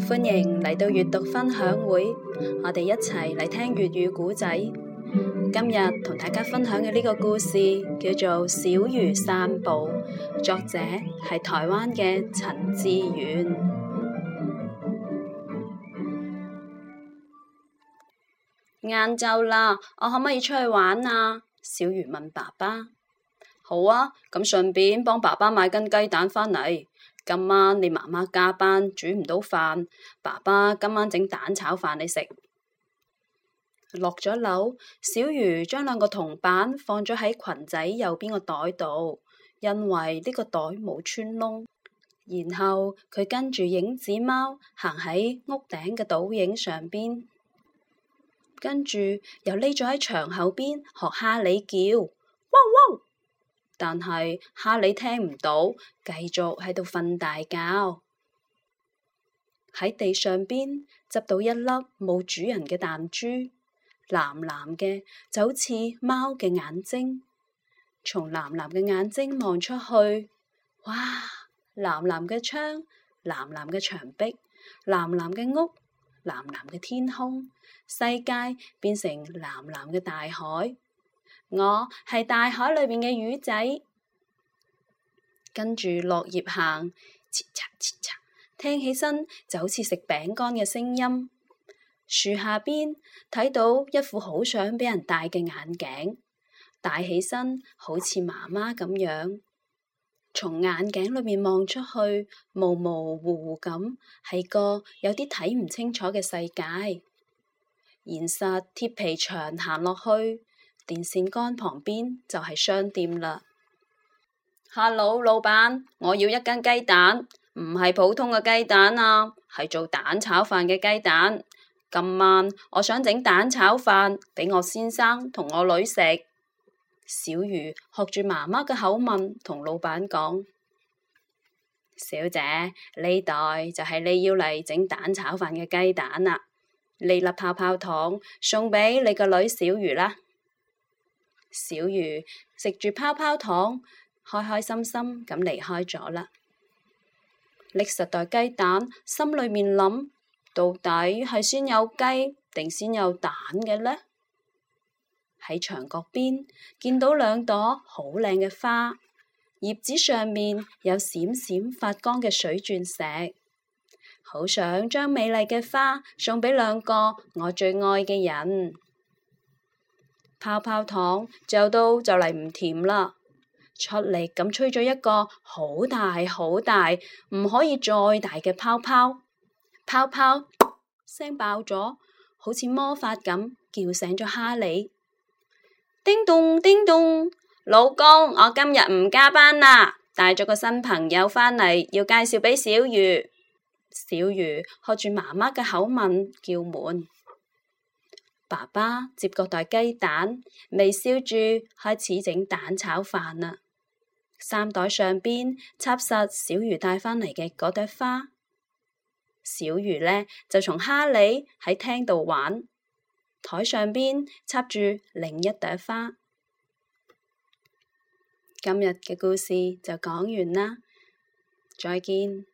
歡迎嚟到閱讀分享會，我哋一齊嚟聽粵語古仔。今日同大家分享嘅呢個故事叫做《小魚散步》，作者係台灣嘅陳志遠。晏晝啦，我可唔可以出去玩啊？小魚問爸爸。好啊，咁順便幫爸爸買根雞蛋返嚟。今晚你媽媽加班煮唔到飯，爸爸今晚整蛋炒飯你食。落咗樓，小魚將兩個銅板放咗喺裙仔右邊個袋度，因為呢個袋冇穿窿。然後佢跟住影子貓行喺屋頂嘅倒影上邊，跟住又匿咗喺牆後邊學哈你叫。但係，哈利聽唔到，繼續喺度瞓大覺。喺地上邊執到一粒冇主人嘅彈珠，藍藍嘅就好似貓嘅眼睛。從藍藍嘅眼睛望出去，哇！藍藍嘅窗，藍藍嘅牆壁，藍藍嘅屋，藍藍嘅天空，世界變成藍藍嘅大海。我係大海裏面嘅魚仔，跟住落葉行，切嚓切嚓，聽起身就好似食餅乾嘅聲音。樹下邊睇到一副好想俾人戴嘅眼鏡，戴起身好似媽媽咁樣。從眼鏡裏面望出去，模模糊糊咁，係個有啲睇唔清楚嘅世界。現實鐵皮牆行落去。電線杆旁邊就係商店啦。Hello，老闆，我要一斤雞蛋，唔係普通嘅雞蛋啊，係做蛋炒飯嘅雞蛋。今晚我想整蛋炒飯俾我先生同我女食。小魚學住媽媽嘅口吻同老闆講：小姐，呢袋就係你要嚟整蛋炒飯嘅雞蛋啦、啊。你粒泡泡糖送俾你個女小魚啦。小魚食住泡泡糖，開開心心咁離開咗啦。拎實袋雞蛋，心裏面諗：到底係先有雞定先有蛋嘅呢？喺牆角邊見到兩朵好靚嘅花，葉子上面有閃閃發光嘅水鑽石，好想將美麗嘅花送俾兩個我最愛嘅人。泡泡糖嚼到就嚟唔甜啦，出力咁吹咗一個好大好大唔可以再大嘅泡泡，泡泡聲爆咗，好似魔法咁叫醒咗哈利。叮咚叮咚，老公，我今日唔加班啦，帶咗個新朋友返嚟，要介紹俾小魚。小魚學住媽媽嘅口吻叫門。爸爸接個袋雞蛋，微笑住開始整蛋炒飯啦。衫袋上邊插實小魚帶返嚟嘅嗰朵花，小魚呢就從哈里喺廳度玩，台上邊插住另一朵花。今日嘅故事就講完啦，再見。